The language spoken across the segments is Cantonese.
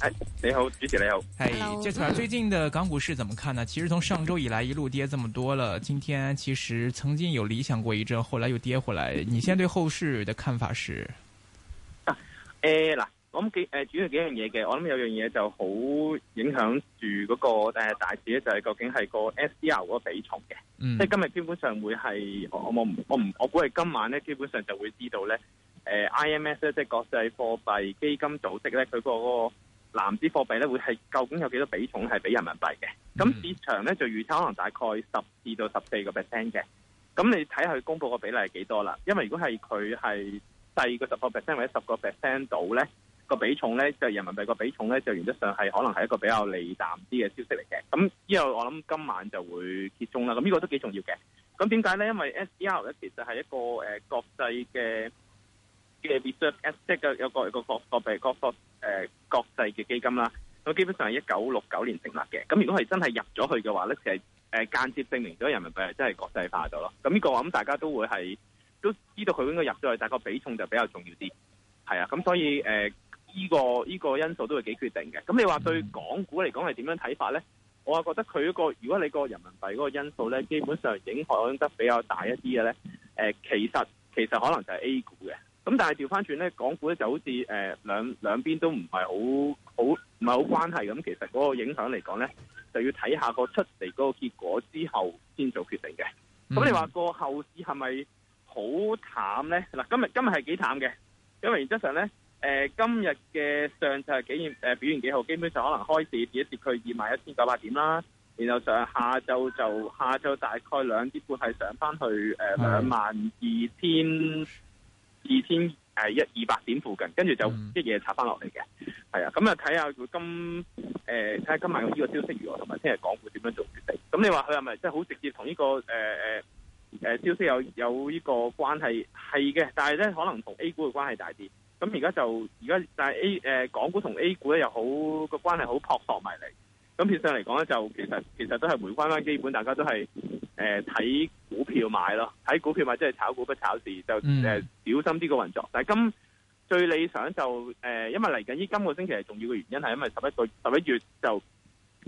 誒，你好，主持人，你好。誒 Hey, Hello.，Jasper 最近的港股市怎麼看呢？其實從上周以來一路跌，這麼多了。今天其實曾經有理想過一陣，後來又跌回來。你先對後市的看法是？誒、啊，嗱、呃，我諗幾誒、呃，主要有幾樣嘢嘅。我諗有樣嘢就好影響住嗰個誒大市咧，就係、是、究竟係個 SDR 嗰個比重嘅。嗯，即係今日基本上會係我我唔我唔我估係今晚咧，基本上就會知道咧。誒、呃、IMS 咧，即係國際貨幣基金組織咧，佢個、那個。籃子貨幣咧會係究竟有幾多比重係畀人民幣嘅？咁、mm hmm. 市場咧就預測可能大概十至到十四個 percent 嘅。咁你睇下佢公布個比例係幾多啦？因為如果係佢係細過十個 percent 或者十個 percent 度咧，個比重咧就人民幣個比重咧就原則上係可能係一個比較利淡啲嘅消息嚟嘅。咁之後我諗今晚就會揭盅啦。咁呢個都幾重要嘅。咁點解咧？因為 SDR 咧其實係一個誒、呃、國際嘅。嘅 reserve asset 嘅有個個國國幣國國誒國際嘅基金啦，咁基本上係一九六九年成立嘅。咁如果係真係入咗去嘅話咧，其實誒間接證明咗人民幣係真係國際化咗咯。咁呢個話咁大家都會係都知道佢應該入咗去，但係個比重就比較重要啲係啊。咁所以誒呢個呢個因素都會幾決定嘅。咁你話對港股嚟講係點樣睇法咧？我就覺得佢一個如果你個人民幣嗰個因素咧，基本上影響得比較大一啲嘅咧，誒其實其實可能就係 A 股嘅。咁、嗯、但係調翻轉咧，港股咧就好似誒、呃、兩,兩邊都唔係好好唔係好關係咁，其實嗰個影響嚟講咧，就要睇下個出嚟嗰個結果之後先做決定嘅。咁、嗯、你話個後市係咪好淡咧？嗱、呃，今日今日係幾淡嘅，因為原則上咧、呃，今日嘅上晝係幾、呃、表現幾好，基本上可能開市跌一跌去二萬一千九百點啦，然後上下就就下晝大概兩點半係上翻去誒兩萬二千。呃二千一、呃、二百點附近，跟住就一夜插翻落嚟嘅，啊、嗯，咁啊睇下佢今誒睇下今晚呢個消息如何，同埋聽日港股點樣做決定。咁、嗯、你話佢係咪即係好直接同呢、呢個、呃、消息有有呢個關係？係嘅，但係咧可能同 A 股嘅關係大啲。咁而家就而家但係 A、呃、港股同 A 股咧又好個關係好撲朔迷離。咁變相嚟講咧，就其實其實都係回歸翻基本，大家都係睇。呃股票買咯，睇股票或即係炒股不炒市，就誒、嗯、小心啲個運作。但係今最理想就誒、呃，因為嚟緊呢今個星期係重要嘅原因，係因為十一月十一月就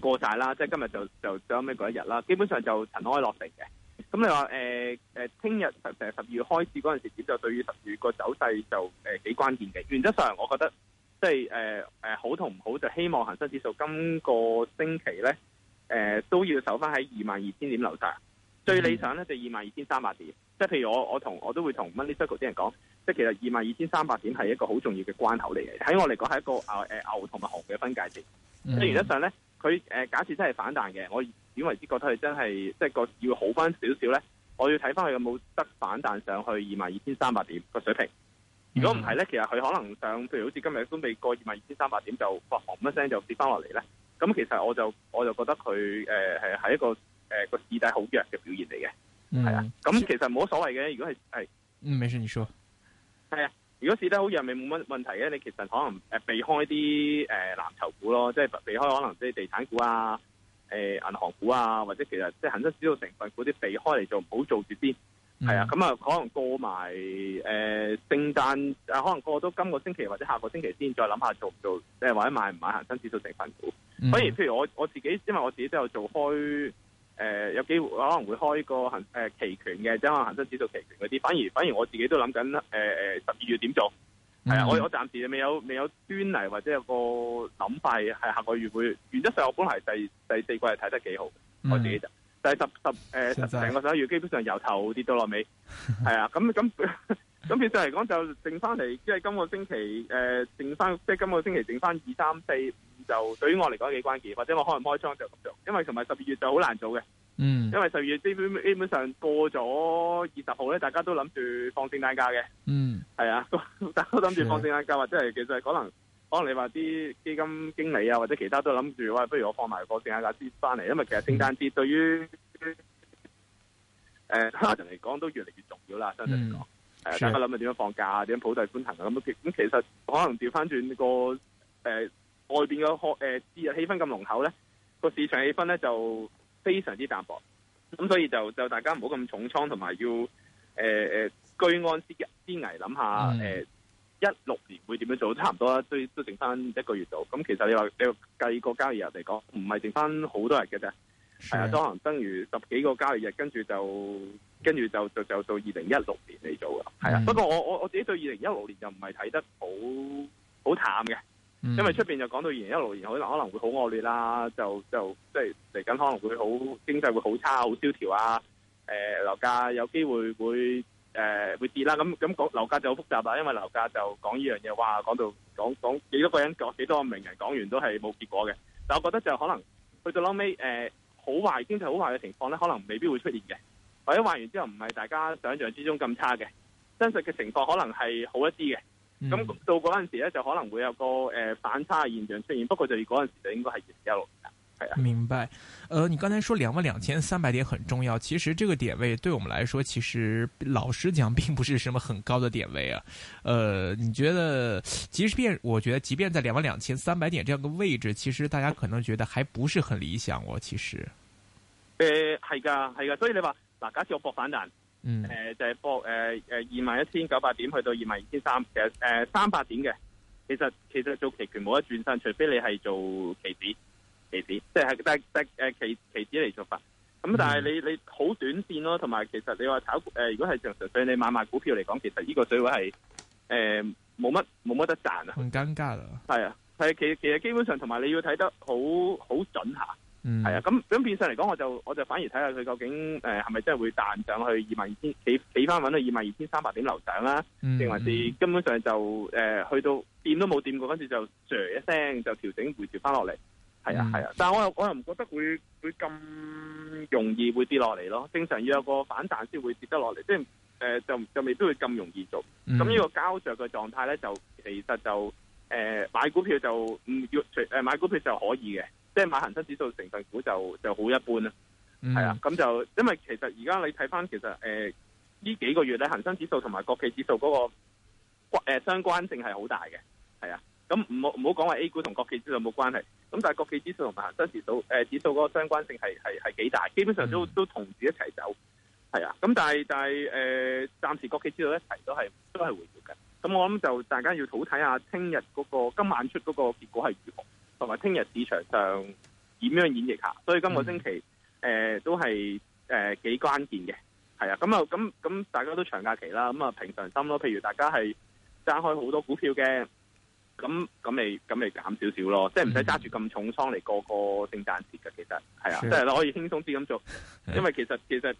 過晒啦，即係今日就就最後尾嗰一日啦。基本上就塵埃落定嘅。咁你話誒誒，聽日十誒十二月開始嗰陣時點就對於十二月個走勢就誒幾、呃、關鍵嘅。原則上我覺得即係誒誒好同唔好就希望恒生指數今個星期咧誒、呃、都要守翻喺二萬二千點樓下。最理想咧就二萬二千三百點，即係譬如我我同我都會同 Money Circle 啲人講，即係其實二萬二千三百點係一個好重要嘅關口嚟嘅，喺我嚟講係一個啊誒牛同埋熊嘅分界線。即係原則上咧，佢誒假設真係反彈嘅，我點為之覺得佢真係即係個要好翻少少咧，我要睇翻佢有冇得反彈上去二萬二千三百點個水平。如果唔係咧，其實佢可能上譬如好似今日都未過二萬二千三百點就行一聲就跌翻落嚟咧。咁其實我就我就覺得佢誒係係一個。誒，個市底好弱嘅表現嚟嘅，係、嗯、啊，咁其實冇所謂嘅。如果係係，嗯，冇事你說，係啊。如果市底好弱，咪冇乜問題嘅。你其實可能誒避開啲誒藍籌股咯，即係避開可能即係地產股啊，誒、呃、銀行股啊，或者其實即係恒生指數成分股啲避開嚟做，唔好做住先。係、嗯、啊，咁啊可能過埋誒聖誕，可能過到今個星期或者下個星期先再諗下做唔做，即係或者買唔買恒生指數成分股。反而、嗯、譬如我我自己，因為我自己都有做開。誒、呃、有機會可能會開個行誒期權嘅，即係可能恆生指數期權嗰啲。反而反而我自己都諗緊誒誒十二月點做，係啊、嗯，我我暫時未有未有端嚟或者有個諗法嘅，係下個月會。原則上我本來第第四季係睇得幾好的，嗯、我自己就是，但、就、係、是、十十誒成、呃、成個十一月基本上由頭跌到落尾，係啊，咁咁咁其實嚟講就剩翻嚟，即係今個星期誒剩翻，即係今個星期剩翻二三四五就對於我嚟講幾關，關鍵，或者我可能開倉就咁做，因為同埋十二月就好難做嘅。嗯，因為十二月基本基本上過咗二十號咧，大家都諗住放聖誕假嘅。嗯，係啊，大家都諗住放聖誕假，啊、或者係其實可能可能你話啲基金經理啊或者其他都諗住，哇、哎，不如我放埋個聖誕假先翻嚟，因為其實聖誕節對於誒家庭嚟講都越嚟越重要啦。相對嚟講，誒、嗯啊，大家諗住點樣放假啊？點樣普世歡騰啊？咁、嗯、咁其實可能調翻轉個誒外邊嘅、呃、學誒節日氣氛咁濃厚咧，個市場氣氛咧就。非常之淡薄，咁所以就就大家唔好咁重倉，同埋要誒誒、呃、居安思思危，諗下誒一六年會點樣做，差唔多啦，都都剩翻一個月度。咁其實你話你計個交易日嚟講，唔係剩翻好多日嘅啫，係的啊，都可能等於十幾個交易日，跟住就跟住就就就到二零一六年嚟做噶，係啊。的不過我我我自己對二零一六年就唔係睇得好好淡嘅。嗯、因為出邊就講到二零一六年可能可能會好惡劣啦，就就即係嚟緊可能會好經濟會好差，好蕭條啊，誒樓價有機會會誒、呃、會跌啦。咁咁講樓價就好複雜啦，因為樓價就講呢樣嘢，話講到講講幾多個人講幾多個名人講完都係冇結果嘅。但我覺得就可能去到後屘誒好壞經濟好壞嘅情況咧，可能未必會出現嘅，或者壞完之後唔係大家想象之中咁差嘅，真實嘅情況可能係好一啲嘅。咁、嗯、到嗰陣時咧，就可能會有個誒反差現象出現。不過就係嗰陣時就應該係一六噶，係啊。明白。誒、呃，你剛才說兩萬兩千三百點很重要，其實這個點位對我們來說，其實老實講，並不是什麼很高的點位啊。誒、呃，你覺得，即便我覺得，即便在兩萬兩千三百點這樣個位置，其實大家可能覺得還不是很理想，哦。我其實誒係噶係噶，所以你話嗱，假設我博反彈。嗯，誒、呃，就係、是、博、呃，誒，誒，二萬一千九百點去到二萬二千三，其實，誒，三百點嘅，其實，其實做期權冇得轉身，除非你係做期指，期指，即係，但係，但，誒，期期指嚟做法，咁但係你，你好短綫咯，同埋、呃，其實你話炒，誒，如果係純粹你買賣股票嚟講，其實呢個水位係，誒、呃，冇乜，冇乜得賺啊，更加啦，係啊，係，其實，其實基本上，同埋你要睇得好好準吓。係、嗯、啊，咁咁變相嚟講，我就我就反而睇下佢究竟誒係咪真係會彈上去二萬二千起起番穩到二萬二千三百點樓上啦，定、嗯、還是根本上就誒去、呃、到掂都冇掂過，跟住就一聲就調整回調翻落嚟，係啊係、嗯、啊，但係我又我又唔覺得會會咁容易會跌落嚟咯，正常要有個反彈先會跌得落嚟，即係誒、呃、就就未必會咁容易做，咁、嗯、呢個膠着嘅狀態咧就其實就誒、呃、買股票就唔要誒買股票就可以嘅。即係買恒生指數成分股就就好一般啦，係、嗯、啊，咁就因為其實而家你睇翻其實誒呢、呃、幾個月咧恒生指數同埋國企指數嗰、那個誒、呃、相關性係好大嘅，係啊，咁唔好唔好講話 A 股同國企指數冇關係，咁但係國企指數同埋恒生指數誒、呃、指數嗰個相關性係係係幾大，基本上都、嗯、都同時一齊走，係啊，咁但係但係誒暫時國企指數一齊都係都係回調嘅，咁我諗就大家要好睇下聽日嗰個今晚出嗰個結果係如何。同埋，聽日市場上點樣演繹下？所以今個星期誒、嗯呃、都係誒幾關鍵嘅，係啊。咁、嗯、啊，咁、嗯、咁大家都長假期啦。咁啊，平常心咯。譬如大家係揸開好多股票嘅，咁咁咪咁咪減少少咯。即係唔使揸住咁重倉嚟過個聖誕節嘅，其實係啊，的即係可以輕鬆啲咁做。因為其實其實誒、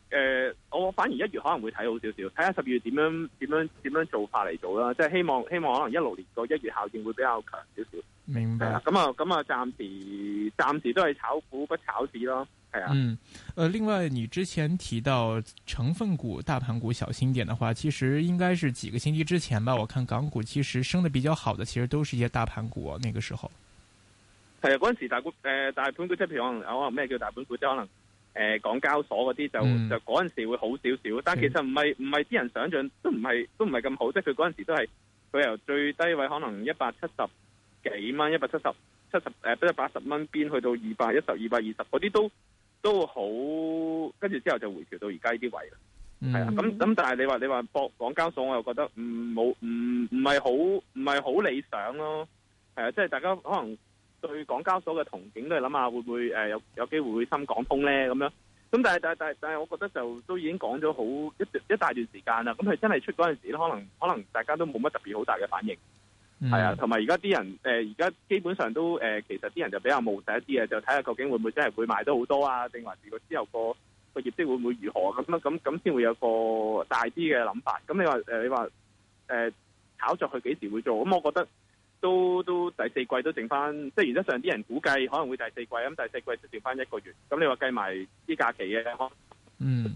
呃，我反而一月可能會睇好少少，睇下十月點樣點樣點樣做法嚟做啦。即係希望希望可能一六年個一月效應會比較強少少。明白啦，咁啊，咁啊，暫時暫時都係炒股不炒市咯，係啊。嗯，誒、呃，另外你之前提到成分股、大盤股小心點嘅話，其實應該是幾個星期之前吧。我看港股其實升得比較好的，其實都是一些大盤股，啊。那個時候係啊，嗰陣時大股誒、呃、大盤股即係譬如可能可能咩叫大盤股即係可能誒港交所嗰啲就、嗯、就嗰陣時會好少少，但其實唔係唔係啲人想象都唔係都唔係咁好，即係佢嗰陣時都係佢由最低位可能一百七十。幾蚊一百七十七十誒，不一八十蚊邊去到二百一十二百二十嗰啲都都好，跟住之後就回調到而家呢啲位啦。係啊、嗯，咁咁但係你話你話博港交所，我又覺得唔冇唔唔係好唔係好理想咯。係啊，即係大家可能對港交所嘅前景都係諗下會唔會誒有有機會會深港通咧咁樣。咁但係但係但係但係，我覺得就都已經講咗好一段一大段時間啦。咁佢真係出嗰陣時咧，可能可能大家都冇乜特別好大嘅反應。係啊，同埋而家啲人，誒而家基本上都誒、呃，其實啲人就比較冒險一啲嘅，就睇下究竟會唔會真係會賣得好多啊，定還是個之後個個業績會唔會如何咁啊？咁咁先會有一個大啲嘅諗法。咁你話誒，你話誒炒作佢幾時會做？咁我覺得都都第四季都剩翻，即係原則上啲人估計可能會第四季，咁第四季都剩翻一個月。咁你話計埋啲假期嘅，可嗯，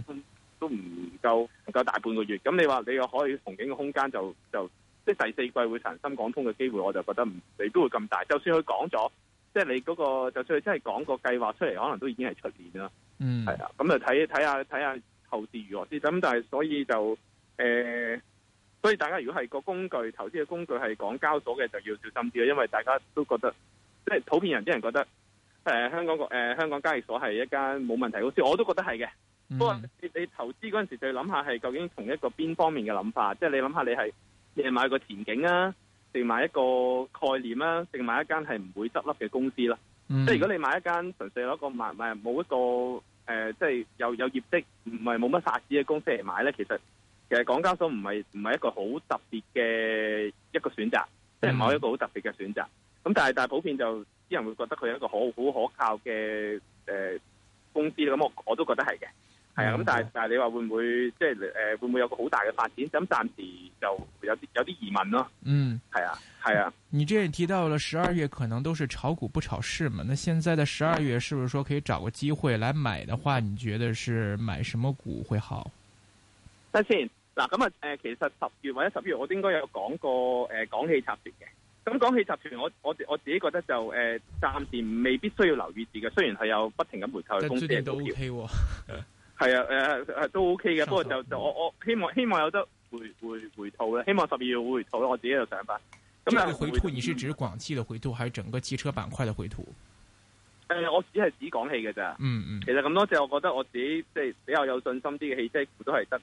都唔夠夠大半個月。咁你話你又可以憧憬嘅空間就就？嗯即係第四季會成深港通嘅機會，我就覺得唔未必會咁大。就算佢講咗，即、就、係、是、你嗰、那個，就算佢真係講個計劃出嚟，可能都已經係出年啦。嗯，係啊，咁就睇睇下睇下投資如何先。咁但係所以就誒、呃，所以大家如果係個工具投資嘅工具係港交所嘅，就要小心啲咯。因為大家都覺得，即係普遍人啲人覺得，誒、呃、香港個誒、呃、香港交易所係一間冇問題公司，我都覺得係嘅。嗯、不過你，你投資嗰陣時候就想想是想，就要諗下係究竟同一個邊方面嘅諗法，即係你諗下你係。你買個前景啊，定買一個概念啦、啊，定買一間係唔會執笠嘅公司啦、啊。嗯、即係如果你買一間純粹攞個萬萬冇一個誒，即係又有業績唔係冇乜殺市嘅公司嚟買咧，其實其實港交所唔係唔係一個好特別嘅一個選擇，即、就、係、是、某一個好特別嘅選擇。咁、嗯、但係但係普遍就啲人會覺得佢係一個可好可靠嘅誒、呃、公司，咁我我都覺得係嘅。係咁、嗯啊，但係但係，你話會唔會即係誒，會唔會有個好大嘅發展？咁暫時就有啲有啲疑問咯。嗯，係啊，係啊。你之前提到了十二月可能都是炒股不炒市嘛？那現在的十二月，是不是說可以找個機會來買的話，你覺得是買什麼股會好？得先嗱，咁啊，誒，其實十月或者十月我該講講，我應該有講過誒，港企集團嘅。咁港企集團，我我我自己覺得就誒，暫時未必需要留意住嘅。雖然係有不停咁回購公司嘅股票 係啊，誒誒、啊、都 OK 嘅，手不過就就我我希望希望有得回回回吐咧，希望十二月會回吐啦。我自己就想法咁啊，但回吐你係指廣汽嘅回吐，還是整個汽車板塊嘅回吐？誒、呃，我只係指廣汽嘅咋，嗯嗯。其實咁多隻，我覺得我自己即係比較有信心啲嘅汽車股都係得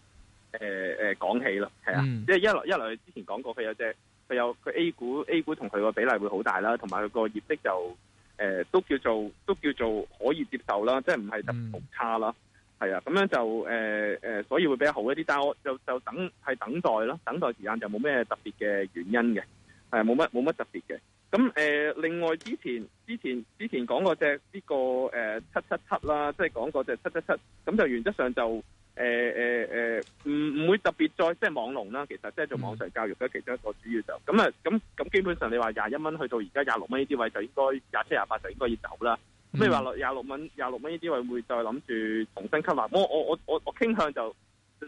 誒誒廣汽咯，係、呃、啊，即係、嗯、一來一來，之前講過佢有隻佢有佢 A 股 A 股同佢個比例會好大啦，同埋佢個業績就誒、呃、都叫做都叫做可以接受啦，即係唔係得好差啦。嗯係啊，咁樣就誒誒、呃，所以會比較好一啲。但係我就就等係等待咯，等待時間就冇咩特別嘅原因嘅，係冇乜冇乜特別嘅。咁誒、呃，另外之前之前之前講嗰隻呢個誒、呃、七七七啦，即係講嗰隻七七七，咁就原則上就誒誒誒，唔、呃、唔、呃呃、會特別再即係、就是、網龍啦。其實即係做網上教育嘅其中一個主要就咁啊，咁咁基本上你話廿一蚊去到而家廿六蚊呢啲位就應該廿七、廿八就應該要走啦。咁你話六廿六蚊、廿六蚊呢啲位會再諗住重新吸納？我我我我我傾向就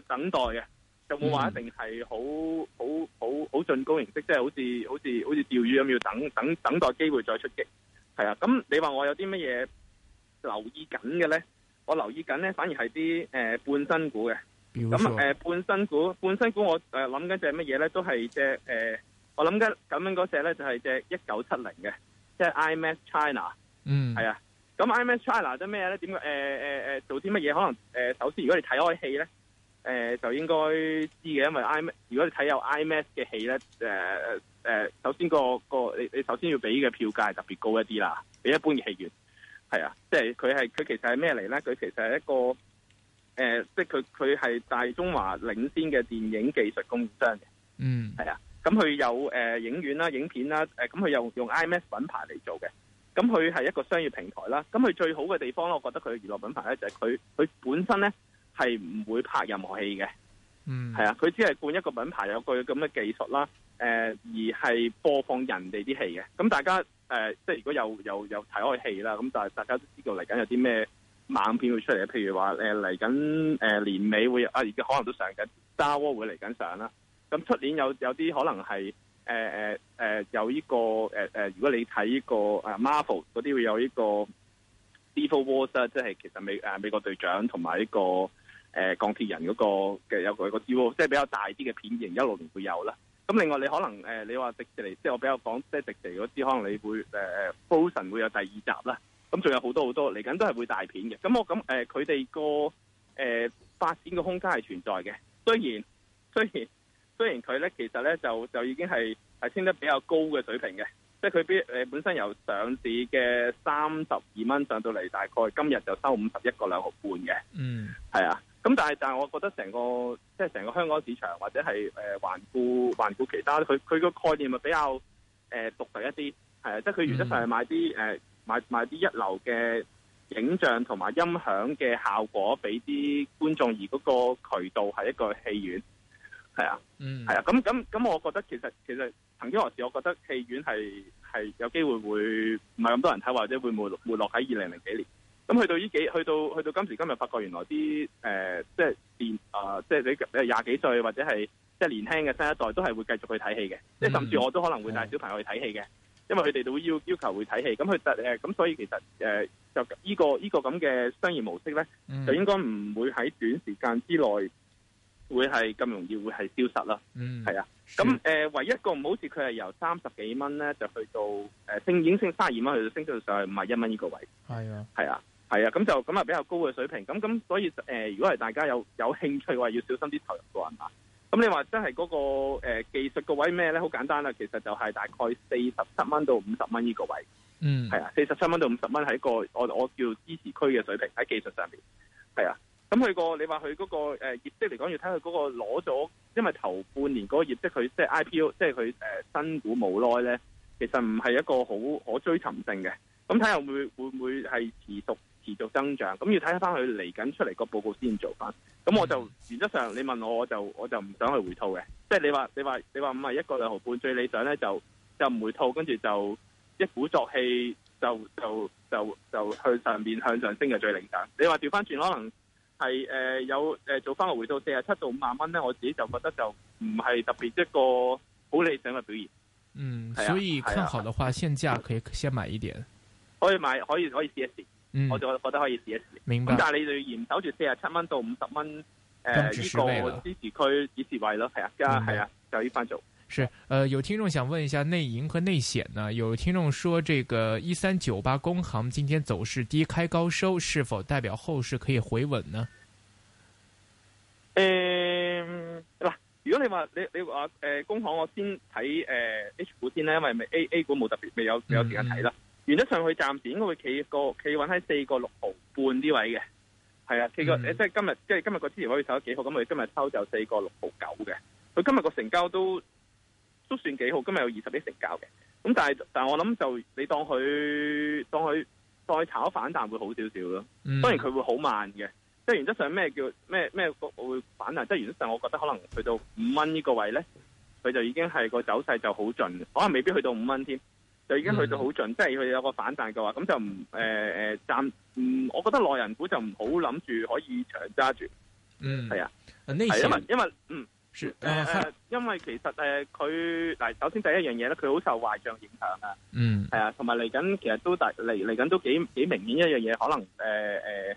等待嘅，就冇話一定係好好好好進攻形式，即係好似好似好似釣魚咁，要等等等待機會再出擊。係啊，咁你話我有啲乜嘢留意緊嘅咧？我留意緊咧，反而係啲、呃、半新股嘅。咁表現、呃、半新股、半新股我呢都隻、呃，我諗緊隻乜嘢咧？都係隻誒，我諗緊咁樣嗰隻咧，就係隻一九七零嘅，即係 IMAX China。嗯，係啊。咁 IMAX China 即係咩咧？點解？誒誒誒，做啲乜嘢？可能誒、呃，首先如果你睇開戲咧，誒、呃、就應該知嘅，因為 IM，如果你睇有 IMAX 嘅戲咧，誒誒、呃呃，首先個個你你首先要俾嘅票價係特別高一啲啦，比一般嘅戲院。係啊，即係佢係佢其實係咩嚟咧？佢其實係一個誒、呃，即係佢佢係大中華領先嘅電影技術供應商嘅。的嗯，係啊。咁佢有誒、呃、影院啦、影片啦，誒、呃，咁佢又用 IMAX 品牌嚟做嘅。咁佢係一個商業平台啦，咁佢最好嘅地方咧，我覺得佢嘅娛樂品牌咧就係佢佢本身咧係唔會拍任何戲嘅，嗯，係啊，佢只係冠一個品牌有佢咁嘅技術啦，誒、呃、而係播放人哋啲戲嘅，咁大家誒、呃、即係如果有有有睇開戲啦，咁但係大家都知道嚟緊有啲咩猛片會出嚟，譬如話誒嚟緊誒年尾會啊而家可能都上緊 Star Wars 會嚟緊上啦，咁出年有有啲可能係。誒誒誒有呢個誒誒，如果你睇依個啊 Marvel 嗰啲會有依個 Civil War 即係其實美啊、呃、美國隊長同埋呢個誒鋼、呃、鐵人嗰個嘅有佢個招，即係比較大啲嘅片型，一六年會有啦。咁另外你可能誒、呃，你話迪士尼，即、就、係、是、我比較講即係迪士尼嗰啲，可能你會誒、呃、Frozen 會有第二集啦。咁仲有好多好多，嚟緊都係會大片嘅。咁我咁誒，佢哋個誒發展嘅空間係存在嘅，雖然雖然。雖然佢咧，其實咧就就已經係係升得比較高嘅水平嘅，即係佢比誒本身由上市嘅三十二蚊上到嚟，大概今日就收五十一個兩毫半嘅。嗯，係啊，咁但係但係，我覺得成個即係成個香港市場或者係誒環顧環顧其他，佢佢個概念咪比較誒獨特一啲，係、呃、啊，即係佢原則上係、嗯、買啲誒買買啲一流嘅影像同埋音響嘅效果俾啲觀眾，而嗰個渠道係一個戲院。係啊，嗯，係啊，咁咁咁，我覺得其實其實曾經何時我覺得戲院係係有機會會唔係咁多人睇，或者會沒會落喺二零零幾年？咁去到呢幾，去到去到今時今日，發覺原來啲誒、呃，即係年啊，即係你廿幾歲或者係即係年輕嘅新一代，都係會繼續去睇戲嘅，即係、嗯、甚至我都可能會帶小朋友去睇戲嘅，因為佢哋都會要要求會睇戲，咁佢誒，咁、呃、所以其實誒、呃，就呢個呢個咁嘅商業模式咧，就應該唔會喺短時間之內。會係咁容易會係消失啦，係、嗯、啊，咁誒、呃、唯一,一個唔好似佢係由三十幾蚊咧，就去到誒、呃、升，已經升卅二蚊，去到升到上去五十一蚊呢個位，係、嗯、啊，係啊，係啊，咁就咁啊比較高嘅水平，咁咁所以誒、呃，如果係大家有有興趣嘅話，要小心啲投入的話那你說真的、那個係嘛，咁你話真係嗰個誒技術個位咩咧？好簡單啦，其實就係大概四十七蚊到五十蚊呢個位，嗯，係啊，四十七蚊到五十蚊係一個我我叫支持區嘅水平喺技術上面，係啊。咁佢個你話佢嗰個誒業績嚟講，要睇佢嗰個攞咗，因為頭半年嗰個業績，佢即係 IPO，即係佢誒新股冇耐咧，其實唔係一個好可追尋性嘅。咁睇下會會唔會係持續持續增長？咁要睇翻佢嚟緊出嚟個報告先做翻。咁我就原則上你問我，我就我就唔想去回吐嘅。即係你話你話你話唔係一個兩毫半最理想咧，就就唔回吐。跟住就一鼓作氣，就就就就，就去上面向上升嘅最理想。你話調翻轉可能？係誒、呃、有誒、呃、做翻個回到四十七到五萬蚊咧，我自己就覺得就唔係特別一個好理想嘅表現。嗯，所以看好嘅話，啊、現價可以先買一點，可以買可以可以試一試。嗯，我就覺得可以試一試。明白。但係你要嚴守住四、呃、十七蚊到五十蚊誒呢個支持區支持位咯，係啊，而家係啊，就依番做。是、呃，有聽眾想問一下內銀和內險呢？有聽眾說，這個一三九八工行今天走勢低開高收，是否代表後市可以回穩呢？誒，嗱，如果你話你你話誒工行，我先睇誒、呃、H 股先啦，因為未 A A 股冇特別未有未有時間睇啦。嗯、原則上佢暫時應該會企個企穩喺四個六毫半啲位嘅，係啊，企個、嗯呃、即係今日即係今日個之前可以走得幾好，咁佢今日收就四個六毫九嘅，佢今日個成交都。都算幾好，今日有二十億成交嘅。咁但係但係我諗就你當佢當佢當佢炒反彈會好少少咯。當然佢會好慢嘅。即係原則上咩叫咩咩股會反彈？即係原則上，我覺得可能去到五蚊呢個位咧，佢就已經係個走勢就好盡。可、哦、能未必去到五蚊添，就已經去到好盡。嗯、即係佢有個反彈嘅話，咁就唔誒誒暫唔、嗯。我覺得內人股就唔好諗住可以長揸住。嗯，係啊，係因為因為嗯。誒、啊啊啊啊，因為其實誒，佢、啊、嗱，首先第一樣嘢咧，佢好受壞賬影響噶，嗯，係啊，同埋嚟緊，其實都大嚟嚟緊都幾幾明顯一樣嘢，可能誒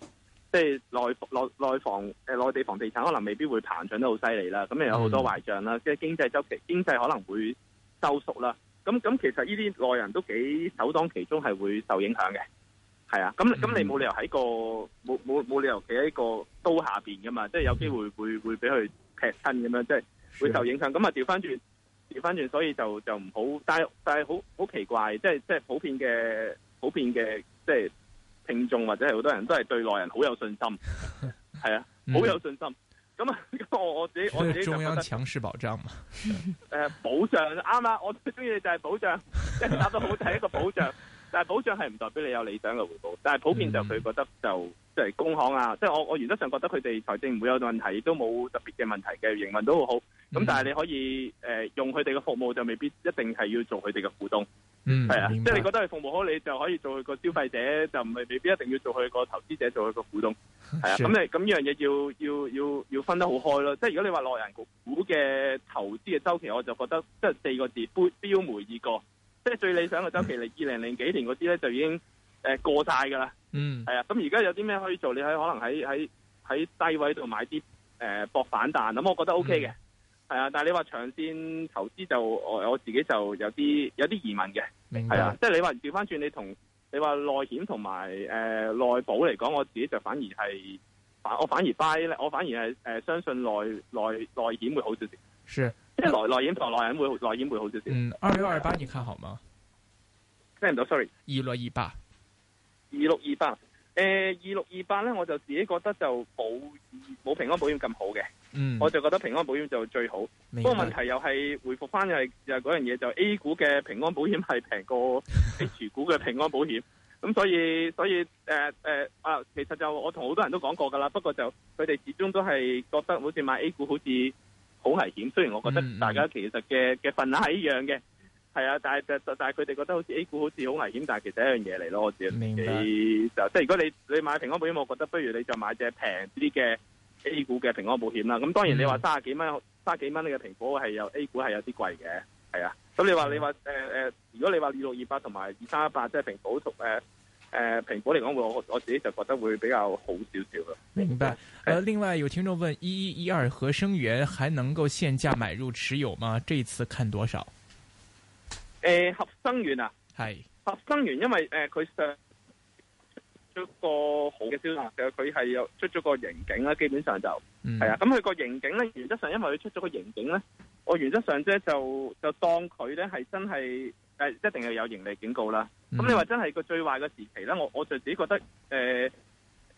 誒，即係內內內房誒內、呃、地房地產可能未必會膨脹得好犀利啦。咁又有好多壞賬啦，即係、嗯、經濟周期，經濟可能會收縮啦。咁咁，其實呢啲內人都幾首當其衝，係會受影響嘅。係啊，咁咁，你冇理由喺個冇冇冇理由企喺個刀下邊噶嘛？即、就、係、是、有機會會、嗯、會俾佢。劈親咁樣，即係會受影響。咁啊，調翻轉，調翻轉，所以就就唔好。但係但係好好奇怪，即係即係普遍嘅普遍嘅即係聽眾或者係好多人都係對內人好有信心，係 啊，好有信心。咁啊、嗯，我我自己我自己就覺得中央強勢保障嘛。誒、呃，保障啱啦！ 我最中意就係保障，即係答得好就係一個保障。但係保障係唔代表你有理想嘅回報，但係普遍就佢覺得就即係工行啊，嗯、即係我我原則上覺得佢哋財政唔會有問題，亦都冇特別嘅問題嘅營運都好，好、嗯。咁但係你可以誒、呃、用佢哋嘅服務就未必一定係要做佢哋嘅股東，嗯，係啊，白即係你覺得佢服務好，你就可以做佢個消費者，就唔係未必一定要做佢個投資者做佢個股東，係啊，咁你咁呢樣嘢要要要要分得好開咯，即係如果你話落人股股嘅投資嘅周期，我就覺得即係四個字標標梅二過。即係最理想嘅周期嚟，二零零幾年嗰啲咧就已經誒過晒㗎啦。嗯，係啊。咁而家有啲咩可以做？你喺可能喺喺喺低位度買啲誒博反彈。咁我覺得 O K 嘅，係啊、嗯。但係你話長線投資就我我自己就有啲有啲疑問嘅，係啊，明白。即係你話調翻轉你同你話內險同埋誒內保嚟講，我自己就反而係反我反而 buy 咧，我反而係誒、呃、相信內內內險會好少少。是。即係內內演同內人會內險會好少少。嗯，二六二八你看好嗎？聽唔到，Sorry。二六二八，二六二八。誒，二六二八咧，我就自己覺得就冇冇平安保險咁好嘅。嗯，我就覺得平安保險就最好。白不過問題又係回復翻又係又嗰樣嘢，就 A 股嘅平安保險係平過 H 股嘅平安保險。咁 所以所以誒誒啊，其實就我同好多人都講過噶啦。不過就佢哋始終都係覺得好似買 A 股好似。好危險，雖然我覺得大家其實嘅嘅、嗯、份額係一樣嘅，係啊、嗯，但係但但係佢哋覺得好似 A 股好似好危險，但係其實是一樣嘢嚟咯，我覺得。明白。就即係如果你你買平安保險，我覺得不如你就買隻平啲嘅 A 股嘅平安保險啦。咁當然你話三十幾蚊三十幾蚊你嘅平保係有 A 股係有啲貴嘅，係啊。咁你話你話誒誒，如果你話二六二八同埋二三一八，即係平保同誒。誒，蘋、呃、果嚟講，我我自己就覺得會比較好少少咯。明白。誒是，另外有聽眾問：一、一、二合生元還能夠限價買入持有嗎？這次看多少？誒、呃，合生元啊，係是合生元，因為誒佢、呃、上出個好嘅消息嘅，佢係有出咗個盈警啦、啊。基本上就係、嗯、啊，咁佢個盈警咧，原則上因為佢出咗個盈警咧，我原則上咧就就,就當佢咧係真係。誒一定要有盈利警告啦。咁、嗯、你話真係個最壞嘅時期咧，我我就自己覺得誒誒、呃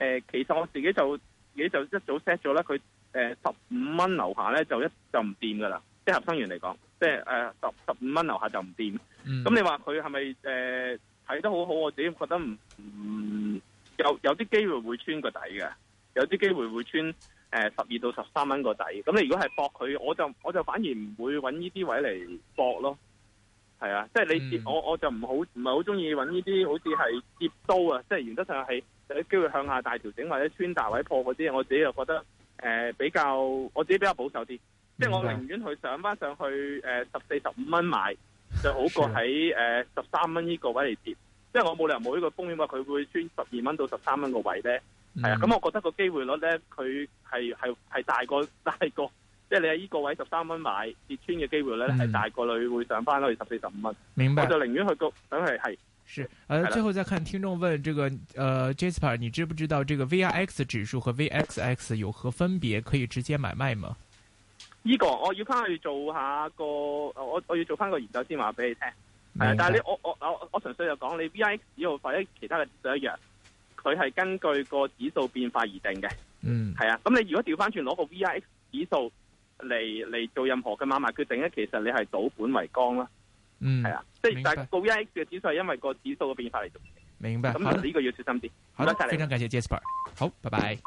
呃，其實我自己就自己就一早 set 咗咧，佢誒十五蚊樓下咧就一就唔掂㗎喇。即係合生元嚟講，即係誒十十五蚊樓下就唔掂。咁、嗯、你話佢係咪誒睇得好好？我自己覺得唔唔有有啲機會會穿個底嘅，有啲機會會穿誒十二到十三蚊個底。咁你如果係搏佢，我就我就反而唔會搵呢啲位嚟搏咯。係啊，即係你跌，我我就唔好，唔係好中意揾呢啲好似係跌刀啊！即係原則上係有機會向下大調整或者穿大位破嗰啲，我自己又覺得誒、呃、比較，我自己比較保守啲。的即係我寧願佢上返上去誒十四十五蚊買，就好過喺誒十三蚊呢個位嚟跌。即的因為我冇理由冇呢個風險㗎，佢會穿十二蚊到十三蚊個位咧。係啊，咁、嗯嗯、我覺得個機會率咧，佢係係係大過大過。大過即係你喺依個位十三蚊買跌穿嘅機會咧，係、嗯、大概率會上翻去，十四十五蚊。明白，我就寧願去谷等佢係。是，誒，啊、的最後再看聽眾問：，這個，誒、呃、，Jasper，你知唔知道這個 VIX 指數和 VXX 有何分別？可以直接買賣嗎？依個我要翻去做下個，我我要做翻個研究先話俾你聽。係啊，白但係你我我我純粹就講你 VIX 指數或者其他嘅指數一樣，佢係根據個指數變化而定嘅。嗯，係啊，咁你如果調翻轉攞個 VIX 指數。嚟嚟做任何嘅買賣決定咧，其實你係賭本為綱啦，嗯，係啊的，即係白但係到一 X 嘅指數，係因為個指數嘅變化嚟做，明白？咁呢、嗯、的個要小心啲。好啦，的，謝謝非常感謝 Jasper，好，拜拜。